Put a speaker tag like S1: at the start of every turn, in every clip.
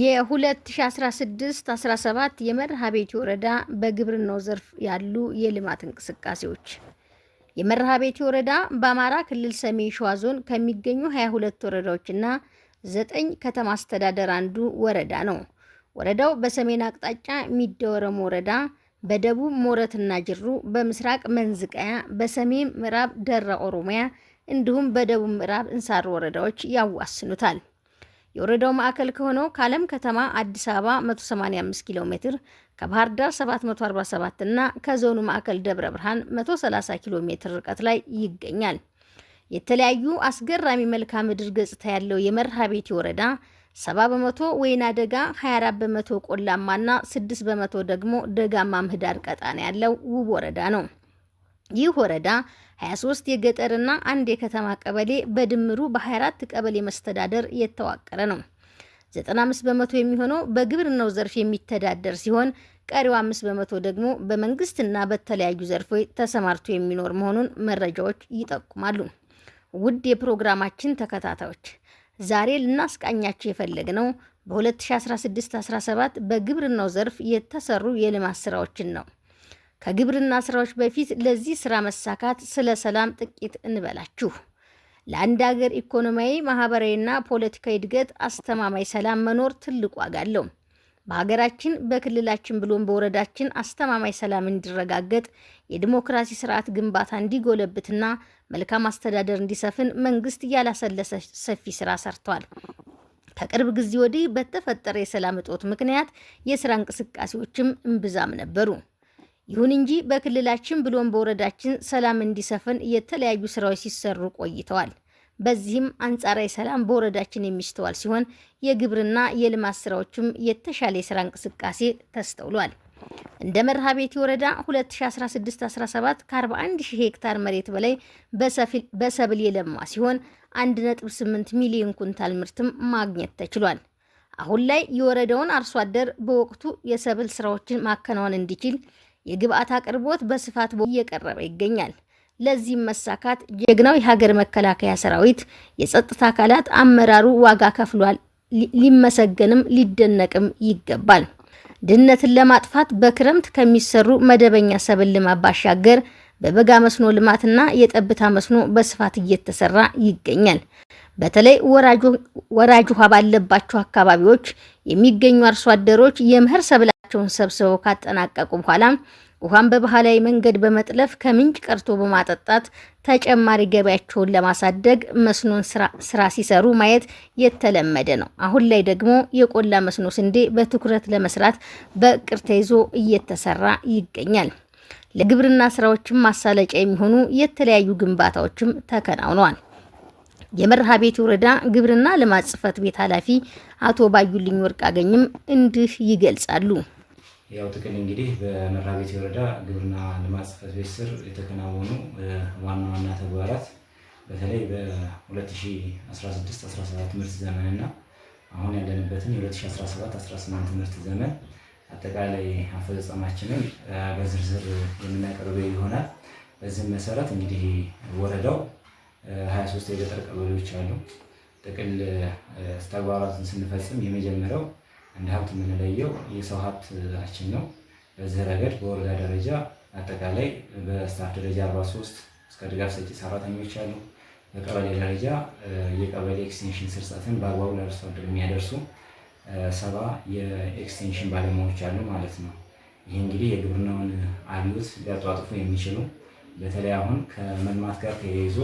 S1: የ2016 17 የመርሐቤቴ ወረዳ በግብርናው ዘርፍ ያሉ የልማት እንቅስቃሴዎች። የመርሐቤቴ ወረዳ በአማራ ክልል ሰሜን ሸዋ ዞን ከሚገኙ 22 ወረዳዎችና 9 ከተማ አስተዳደር አንዱ ወረዳ ነው። ወረዳው በሰሜን አቅጣጫ ሚደወረም ወረዳ፣ በደቡብ ሞረትና ጅሩ፣ በምስራቅ መንዝቀያ፣ በሰሜን ምዕራብ ደራ ኦሮሚያ እንዲሁም በደቡብ ምዕራብ እንሳር ወረዳዎች ያዋስኑታል። የወረዳው ማዕከል ከሆነው ከዓለም ከተማ አዲስ አበባ 185 ኪሎ ሜትር ከባህር ዳር 747 እና ከዞኑ ማዕከል ደብረ ብርሃን 130 ኪሎ ሜትር ርቀት ላይ ይገኛል። የተለያዩ አስገራሚ መልክዓ ምድር ገጽታ ያለው የመርሃ ቤቴ ወረዳ 70 በመቶ ወይና ደጋ፣ 24 በመቶ ቆላማና 6 በመቶ ደግሞ ደጋማ ምህዳር ቀጣና ያለው ውብ ወረዳ ነው። ይህ ወረዳ 23 የገጠርና አንድ የከተማ ቀበሌ በድምሩ በ24 ቀበሌ መስተዳደር የተዋቀረ ነው። 95 በመቶ የሚሆነው በግብርናው ዘርፍ የሚተዳደር ሲሆን ቀሪው 5 በመቶ ደግሞ በመንግስትና በተለያዩ ዘርፎች ተሰማርቶ የሚኖር መሆኑን መረጃዎች ይጠቁማሉ። ውድ የፕሮግራማችን ተከታታዮች ዛሬ ልናስቃኛቸው የፈለግነው በ2016-17 በግብርናው ዘርፍ የተሰሩ የልማት ስራዎችን ነው። ከግብርና ስራዎች በፊት ለዚህ ስራ መሳካት ስለ ሰላም ጥቂት እንበላችሁ። ለአንድ ሀገር ኢኮኖሚያዊ፣ ማህበራዊና ፖለቲካዊ እድገት አስተማማኝ ሰላም መኖር ትልቅ ዋጋ አለው። በሀገራችን በክልላችን ብሎም በወረዳችን አስተማማኝ ሰላም እንዲረጋገጥ የዲሞክራሲ ስርዓት ግንባታ እንዲጎለብትና መልካም አስተዳደር እንዲሰፍን መንግስት ያላሰለሰ ሰፊ ስራ ሰርቷል። ከቅርብ ጊዜ ወዲህ በተፈጠረ የሰላም እጦት ምክንያት የስራ እንቅስቃሴዎችም እምብዛም ነበሩ። ይሁን እንጂ በክልላችን ብሎም በወረዳችን ሰላም እንዲሰፍን የተለያዩ ስራዎች ሲሰሩ ቆይተዋል። በዚህም አንጻራዊ ሰላም በወረዳችን የሚስተዋል ሲሆን የግብርና የልማት ስራዎችም የተሻለ የስራ እንቅስቃሴ ተስተውሏል። እንደ መርሃ ቤቴ ወረዳ 2016-17 ከ41 ሺህ ሄክታር መሬት በላይ በሰብል የለማ ሲሆን 1.8 ሚሊዮን ኩንታል ምርትም ማግኘት ተችሏል። አሁን ላይ የወረዳውን አርሶ አደር በወቅቱ የሰብል ስራዎችን ማከናወን እንዲችል የግብአት አቅርቦት በስፋት እየቀረበ ይገኛል። ለዚህም መሳካት ጀግናው የሀገር መከላከያ ሰራዊት፣ የጸጥታ አካላት አመራሩ ዋጋ ከፍሏል። ሊመሰገንም ሊደነቅም ይገባል። ድህነትን ለማጥፋት በክረምት ከሚሰሩ መደበኛ ሰብል ልማት ባሻገር በበጋ መስኖ ልማትና የጠብታ መስኖ በስፋት እየተሰራ ይገኛል። በተለይ ወራጅ ውሃ ባለባቸው አካባቢዎች የሚገኙ አርሶ አደሮች የምህር ሰብል ቆሻሻቸውን ሰብስበው ካጠናቀቁ በኋላ ውሃን በባህላዊ መንገድ በመጥለፍ ከምንጭ ቀርቶ በማጠጣት ተጨማሪ ገበያቸውን ለማሳደግ መስኖን ስራ ሲሰሩ ማየት የተለመደ ነው። አሁን ላይ ደግሞ የቆላ መስኖ ስንዴ በትኩረት ለመስራት በእቅድ ተይዞ እየተሰራ ይገኛል። ለግብርና ስራዎችም ማሳለጫ የሚሆኑ የተለያዩ ግንባታዎችም ተከናውነዋል። የመርሃ ቤት ወረዳ ግብርና ልማት ጽሕፈት ቤት ኃላፊ አቶ ባዩልኝ ወርቅ አገኝም እንዲህ ይገልጻሉ።
S2: ያው ጥቅል እንግዲህ በመራቤቴ ወረዳ ግብርና ልማት ጽሕፈት ቤት ስር የተከናወኑ ዋና ዋና ተግባራት በተለይ በ2016/17 ትምህርት ዘመን እና አሁን ያለንበትን የ2017/18 ትምህርት ዘመን አጠቃላይ አፈጻጸማችንን በዝርዝር የምናቀርበው ይሆናል። በዚህም መሰረት እንግዲህ ወረዳው 23 የገጠር ቀበሌዎች አሉ። ጥቅል ተግባራትን ስንፈጽም የመጀመሪያው እንደ ሀብት የምንለየው የሰው ሀብታችን ነው። በዚህ ረገድ በወረዳ ደረጃ አጠቃላይ በስታፍ ደረጃ 43 እስከ ድጋፍ ሰጪ ሰራተኞች አሉ። በቀበሌ ደረጃ የቀበሌ ኤክስቴንሽን ስርጸትን በአግባቡ ለአርሶ አደር የሚያደርሱ ሰባ የኤክስቴንሽን ባለሙያዎች አሉ ማለት ነው። ይህ እንግዲህ የግብርናውን አብዮት ሊያጧጥፉ የሚችሉ በተለይ አሁን ከመልማት ጋር ተያይዞ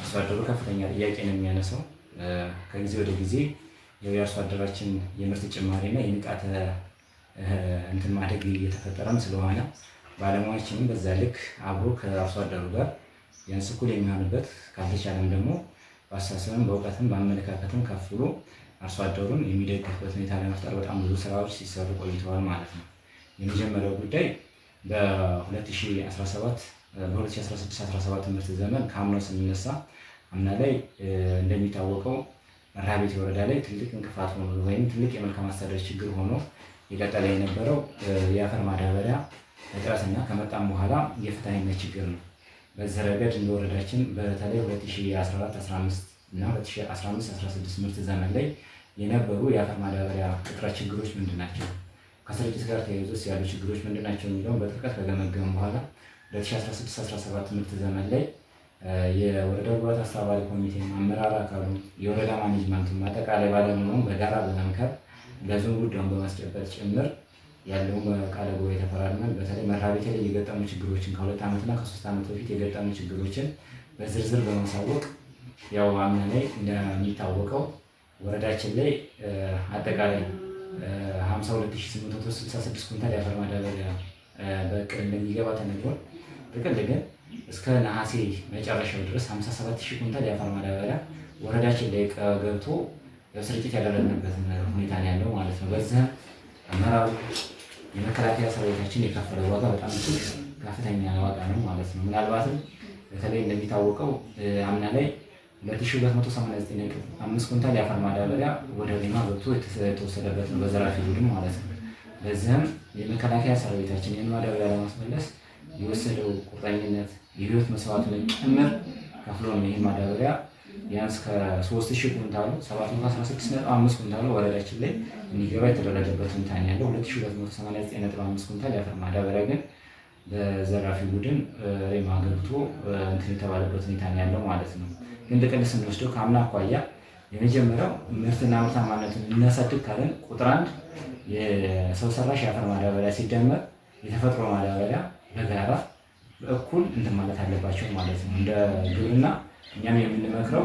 S2: አርሶ አደሩ ከፍተኛ ጥያቄ ነው የሚያነሳው ከጊዜ ወደ ጊዜ የአርሶ አደራችን የምርት ጭማሪና የንቃተ እንትን ማደግ እየተፈጠረም ስለሆነ ባለሙያችንም በዛ ልክ አብሮ ከአርሶ አደሩ ጋር የንስኩል የሚሆንበት ካልተቻለም ደግሞ በአስተሳሰብም በእውቀትም በአመለካከትም ከፍ ብሎ አርሶ አደሩን የሚደግፍበት ሁኔታ ለመፍጠር በጣም ብዙ ስራዎች ሲሰሩ ቆይተዋል ማለት ነው። የመጀመሪያው ጉዳይ በ2017 በ2016/17 ዘመን ከአምናው ስንነሳ አምና ላይ እንደሚታወቀው መርሐቤቴ ወረዳ ላይ ትልቅ እንቅፋት ሆኖ ወይም ትልቅ የመልካም አስተዳደር ችግር ሆኖ የቀጠለ የነበረው የአፈር ማዳበሪያ እጥረትና ከመጣም በኋላ የፍትሐዊነት ችግር ነው። በዚህ ረገድ እንደ ወረዳችን በተለይ 2014/15 እና ምርት ዘመን ላይ የነበሩ የአፈር ማዳበሪያ እጥረት ችግሮች ምንድን ናቸው፣ ከስርጭት ጋር ተያይዞ ያሉ ችግሮች ምንድን ናቸው የሚለውን በጥልቀት ከገመገም በኋላ 2016/17 ምርት ዘመን ላይ የወረዳ ጉባኤ አስተባባሪ ኮሚቴ አመራር አካሉ፣ የወረዳ ማኔጅመንት አጠቃላይ ባለሙያውን በጋራ በመምከር ለዞን ጉዳዩን በማስጨበጥ ጭምር ያለውን ቃለ ጉባኤ ተፈራርመን በተለይ መራቤቴ ላይ የገጠሙ ችግሮችን ከሁለት ዓመትና ከሶስት ዓመት በፊት የገጠሙ ችግሮችን በዝርዝር በማሳወቅ ያው አምና ላይ እንደሚታወቀው ወረዳችን ላይ አጠቃላይ 52866 ኩንታል የአፈር ማዳበሪያ በቅል እንደሚገባ ተነግሯል። ጥቅል ግን እስከ ነሐሴ መጨረሻው ድረስ 57 ኩንታል የአፈር ማዳበሪያ ወረዳችን ላይ ገብቶ ስርጭት ያደረግንበት ሁኔታ ነው ያለው ማለት ነው። በዛ አመራሩ የመከላከያ ሰራዊታችን የከፈለው ዋጋ በጣም ከፍተኛ ዋጋ ነው ማለት ነው። ምናልባትም በተለይ እንደሚታወቀው አምና ላይ 2289.5 ኩንታል የአፈር ማዳበሪያ ወደ ሊማ ገብቶ የተወሰደበት ነው በዘራፊ ቡድን ማለት ነው። በዚህም የመከላከያ ሰራዊታችን ይህን ማዳበሪያ ለማስመለስ የወሰደው ቁርጠኝነት የህይወት መስዋዕት ላይ ጭምር ከፍሎ ነው። ይህ ማዳበሪያ ቢያንስ ከሶስት ሺህ ኩንታሉ ሰባት መቶ አስራ ስድስት ነጥብ አምስት ኩንታሉ ወረዳችን ላይ እንዲገባ የተደረገበት ሁኔታን ያለው ሁለት ሺህ ሁለት መቶ ሰማንያ ዘጠኝ ነጥብ አምስት ኩንታል ማዳበሪያ ግን በዘራፊ ቡድን ሬማ ገብቶ እንትን የተባለበት ሁኔታ ያለው ማለት ነው። ግን ጥቅል ስንወስደው ከአምና አኳያ የመጀመሪያው ምርትና ምርታማነቱን እናሳድግ ካለን ቁጥር አንድ የሰው ሰራሽ የአፈር ማዳበሪያ ሲደመር የተፈጥሮ ማዳበሪያ በጋራ በእኩል እንትን ማለት አለባቸው ማለት ነው። እንደ ግብርና እኛም የምንመክረው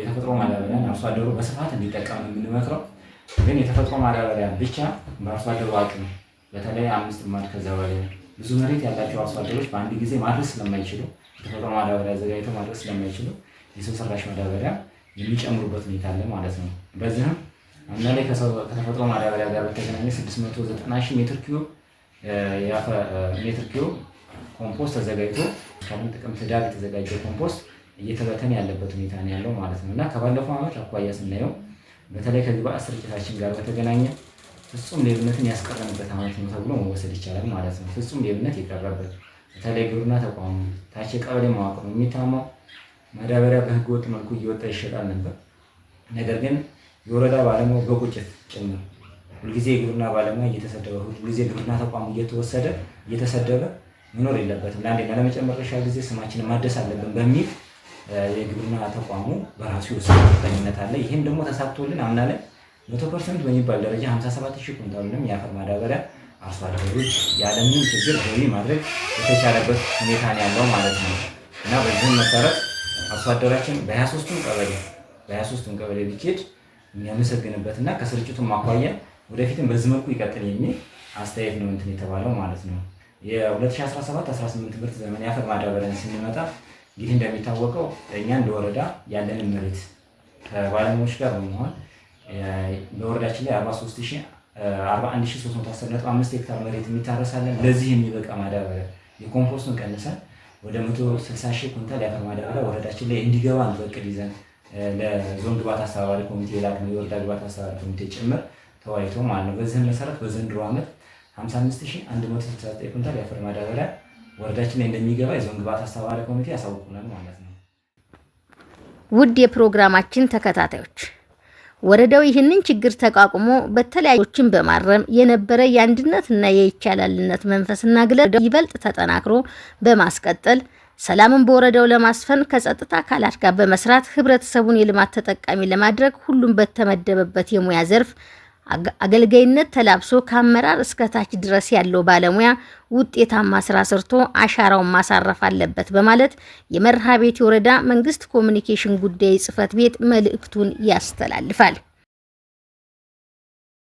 S2: የተፈጥሮ ማዳበሪያን አርሶ አደሩ በስፋት እንዲጠቀም የምንመክረው። ግን የተፈጥሮ ማዳበሪያ ብቻ በአርሶ አደሩ አቅም በተለይ አምስት ማድ ከዛ በላይ ብዙ መሬት ያላቸው አርሶ አደሮች በአንድ ጊዜ ማድረስ ስለማይችሉ የተፈጥሮ ማዳበሪያ አዘጋጅተው ማድረስ ስለማይችሉ የሰው ሰራሽ ማዳበሪያ የሚጨምሩበት ሁኔታ አለ ማለት ነው። በዚህም አምና ላይ ከተፈጥሮ ማዳበሪያ ጋር በተገናኘ 690 ሜትር ኪዩብ የሜትር ኪዩ ኮምፖስት ተዘጋጅቶ ከምን ጥቅምት ዳር የተዘጋጀ ኮምፖስት እየተበተን ያለበት ሁኔታ ነው ያለው ማለት ነው እና ከባለፈው ዓመት አኳያ ስናየው በተለይ ከግብአት ስርጭታችን ጋር በተገናኘ ፍጹም ሌብነትን ያስቀረንበት ዓመት ነው ተብሎ መወሰድ ይቻላል ማለት ነው። ፍጹም ሌብነት የቀረበት በተለይ ግብርና ተቋሙ ታች የቀበሌ መዋቅር ነው የሚታማው ማዳበሪያ በህገ ወጥ መልኩ እየወጣ ይሸጣል ነበር። ነገር ግን የወረዳ ባለሙያው በቁጭት ጭምር ሁልጊዜ የግብርና ባለሙያ እየተሰደበ ሁልጊዜ ግብርና ተቋም እየተወሰደ እየተሰደበ መኖር የለበትም። ለአንዴና ለመጨመረሻ ጊዜ ስማችንን ማደስ አለብን በሚል የግብርና ተቋሙ በራሱ የወሰደ ቁርጠኝነት አለ። ይህም ደግሞ ተሳክቶልን አምና ላይ መቶ ፐርሰንት በሚባል ደረጃ 57 ሺህ ኩንታሉንም የአፈር ማዳበሪያ አርሶ አደሮች ያለምንም ችግር ገቢ ማድረግ የተቻለበት ሁኔታ ነው ያለው ማለት ነው እና በዚህም መሰረት አርሶ አደራችን በ23ቱም ቀበሌ በ23ቱም ቀበሌ ቢኬድ የሚያመሰግንበት እና ከስርጭቱም አኳያ ወደፊትም በዚህ መልኩ ይቀጥል የሚል አስተያየት ነው እንትን የተባለው ማለት ነው። የ2017/18 ምርት ዘመን የአፈር ማዳበሪያን ስንመጣ እንግዲህ እንደሚታወቀው እኛ እንደ ወረዳ ያለንን መሬት ከባለሙያዎች ጋር በመሆን በወረዳችን ላይ 41315 ሄክታር መሬት የሚታረሳለን። ለዚህ የሚበቃ ማዳበሪያ የኮምፖስቱን ቀንሰን ወደ 160 ሺህ ኩንታል የአፈር ማዳበሪያ ወረዳችን ላይ እንዲገባ በቅድ ይዘን ለዞን ግባት አስተባባሪ ኮሚቴ ላክ የወረዳ ግባት አስተባባሪ ኮሚቴ ጭምር ተዋይቶ ማለት ነው። በዚህም መሰረት በዘንድሮ ዓመት 55169 ኩንታል የአፈር ማዳበሪያ ወረዳችን ላይ እንደሚገባ የዞን ግብዓት አስተባባሪ ኮሚቴ ያሳውቁናል ማለት ነው።
S1: ውድ የፕሮግራማችን ተከታታዮች ወረዳው ይህንን ችግር ተቋቁሞ በተለያዮችን በማረም የነበረ የአንድነትና የይቻላልነት መንፈስና ግለ ይበልጥ ተጠናክሮ በማስቀጠል ሰላምን በወረዳው ለማስፈን ከጸጥታ አካላት ጋር በመስራት ህብረተሰቡን የልማት ተጠቃሚ ለማድረግ ሁሉም በተመደበበት የሙያ ዘርፍ አገልጋይነት ተላብሶ ከአመራር እስከ ታች ድረስ ያለው ባለሙያ ውጤታማ ስራ ሰርቶ አሻራውን ማሳረፍ አለበት በማለት የመርሐቤቴ ወረዳ መንግስት ኮሚኒኬሽን ጉዳይ ጽህፈት ቤት መልእክቱን ያስተላልፋል።